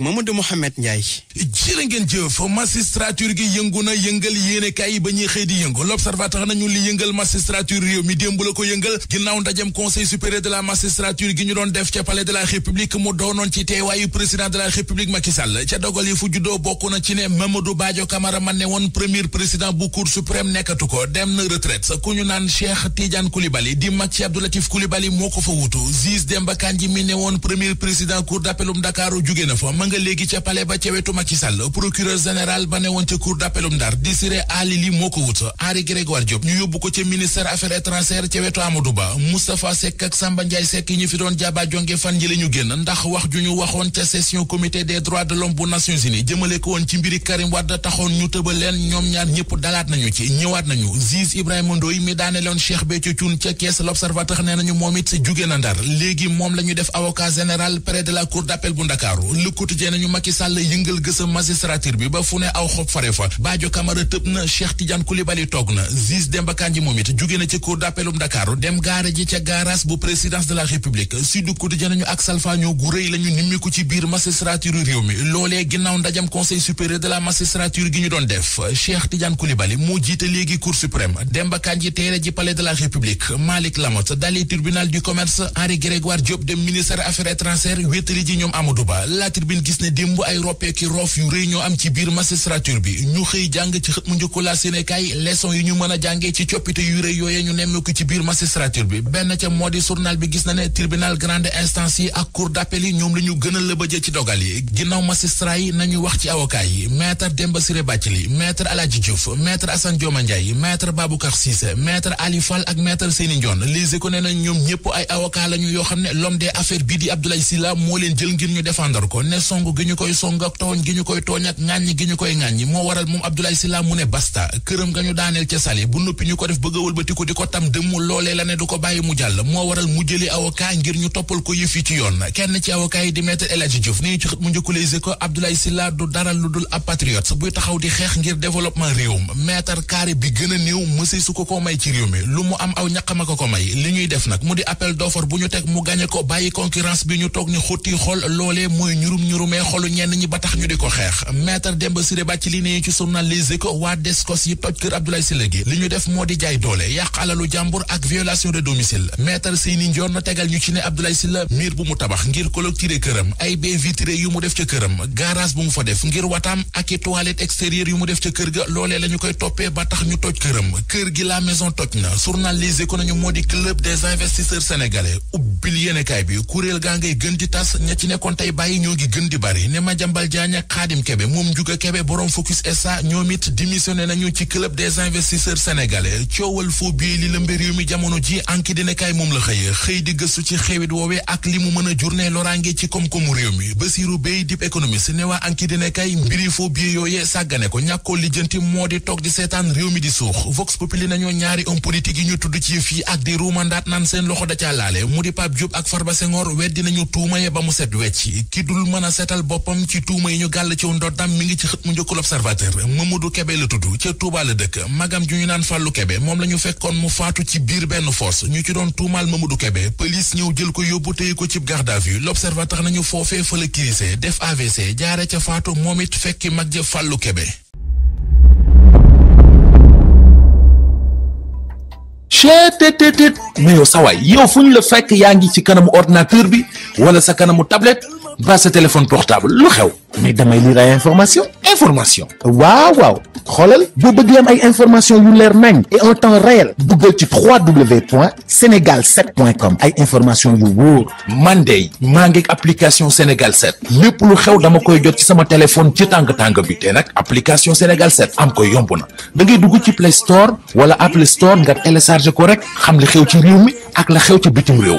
ak Mamadou Mouhamed Ndiaye. jërë ngeen jëf magistrature gi yëngu na yëngal yéenekaay yi ba ñuy xëy di yëngu l'observateur nañu li yëngal magistrature réew mi démb la ko yëngal ginnaaw ndajem conseil supérieur de la magistrature gi ñu doon def ca palais de la république mu doonoon ci teewaayu président de la république Macky Sall ca dogal yi fu juddoo bokk na ci ne Mamadou Badio Camara man ne woon premier président bu cour suprême nekkatu ko dem na retraite ku ñu di mag ci Abdou nga léegi ca palais ba ca wetu Macky Sall procureur général ba ne woon ca cour d'appelum Ndar di Ali Ly moo ko wut Henri Grégoire Diop ñu yóbbu ko ca ministère affaires étrangères ca wetu Amadou Ba Moustapha Seck ak Samba Ndiaye Seck ñu fi doon jaaba jonge fan ji la ñu génn ndax wax ju ñu waxoon ca session comité des droits de l'homme bu Nations Unies jëmale ko woon ci mbiri Karim Wade taxoon ñu tëbal leen ñoom ñaar ñëpp dalaat nañu ci ñëwaat nañu juge Ibrahima Ndoye mi daane loon Cheikh Béthio Thioune ca kees l'Observateur nee nañu moom it sa jóge la ñu def avocat général quotidien nañu Macky Sall yëngal gësa magistrature bi ba fu ne aw xob fare fa Badio Camara tëb na Cheikh Tidiane Koulibaly toog na Ziz Demba Kandji moom it jóge na ci cour d'appelum Dakar dem gaare ji ca garage bu présidence de la République Sud Quotidien nañu ak salfaañoo gu rëy la nimmiku ci biir magistrature réew mi loolee ginnaaw ndajam conseil supérieur de la magistrature gi ñu doon def Cheikh Tidiane Koulibaly moo jiite léegi cour suprême Demba Kandji teere ji palais gis ne démb ay roppeeki roof yu rëy ñoo am ci biir magistrature bi ñu xëy jàng ci xët mu njëkku la Sénégal yi ñu mën a jàngee ci coppite yu rëy yooyee ñu nemmeeku ci biir magistrature bi benn ca moo di bi gis na ne tribunal grande instance yi ak cour d'appel ñoom la ñu gën a lëbëje ci dogal yi ginnaaw magistrat yi nañu wax ci avocat yi maître Demba Ciré Bathily maître Aladji Diouf maître Assane Dioma Ndiaye maître Baboucar Cissé maître Ali Fall ak maître Seyni Ndione Les Échos ne ñoom ñëpp ay avocat lañu yoo xam ne l'homme des affaires bii di Abdoulaye Sylla moo leen jël ngir ñu défendre ko songu gi ñu koy song ak tooñ gi ñu koy tooñ ak ŋàññi gi ñu koy ŋàññi moo waral moom Abdoulaye Sylla mu ne a jëli avocat ngir ñu toppal ko yëf ci yoon kenn ci avocat di maître El Hadji Diouf ni ci mu njëkku Les Échos Abdoulaye Sylla du dara lu dul ab patriote buy taxaw di xeex ngir développement réewum mètre carré bi gën a néew mësi su ko ko may ci réew mi lu mu am aw ñaqama ko may li ñuy def nag mu di appel d'offre bu ñu teg mu gàñe ko bàyyi concurrence bi ñu toog ni xotti xool loolee mooy ñurum ñurum mais xolu ñenn ñi ba tax ñu di ko xeex maître Demba Ciré Bathily ne ci journal Les Échos waa Descos yi toj kër Abdoulaye Sylla gi li ñu def moo di jaay doole yàq alalu jàmbur ak violation de domicile maître Seyni Ndior na tegal ñu ci ne Abdoulaye Sylla miir bu mu tabax ngir clôturer këram ay baies vitrées yu mu def ca këram garage bu mu fa def ngir wataam ak i toilette extérieure yu mu def ca kër ga loole la ñu koy toppee ba tax ñu toj këram kër gi la maison toj na journal ko nañu moo di club des investisseurs sénégalais ubbil yéenekaay bi kuréel gaa ngay gën di tas ci nekkoon tey bàyyi ñoo ngi gën di bari ne Madiambal Diagne ak Khadim Kebe moom Ndiouga Kebe borom Focus SA ñoom it démissionné nañu ci club des investisseurs sénégalais coowal foo li lëmbe réew mi jamono ji anki dina kay moom la xëy xëy di gëstu ci xewit woowee ak li mu mën a journée loraange ci koom-koomu réew mi Basirou Bey dib économiste ne waa anki dina kay mbiri foo bi yooyee sàggane ko ñàkkoo lijjanti moo di toog di seetaan réew mi di suux Vox Populi nañoo ñaari homme politique yi ñu tudd ci yëf yi di ruumandaat naan seen loxo da ca laale mu di Pape Diop ak Farba Senghor weddi nañu tuumaye ba mu set wecc seetal boppam ci tuuma yi ñu gàll ci ndoddam mi ngi ci xët mu njëkk l'observateur Mamadou Kébé la tudd ca Touba la dëkk magam ju ñu naan Fallou Kébé moom lañu fekkoon mu faatu ci biir benn force ñu ci doon tuumaal Mamadou Kébé police ñëw jël ko yóbbu téye ko cib garde à vue l'observateur nañu foofee fa la kirisé def AVC jaare ca faatu moom it fekki mag ja Fallou Kébé chetttt la fekk ci kanamu ordinateur bi wala sa kanamu tablette ba sa téléphone portable lu xew mais damay lire ay information information waaw waaw xoolal boo bëgg am ay information yu leer nañ et en temps réel duggal ci www.senegal7.com ay information yu wóor man de maa ngi application Sénégal 7 lépp lu xew dama koy jot ci sama téléphone ci tàng tàng bi te nag application Sénégal 7 am koy yomb na da ngay dugg ci Play Store wala Apple Store nga télécharge ko rek xam la xew ci réew mi ak la xew ci bitim réew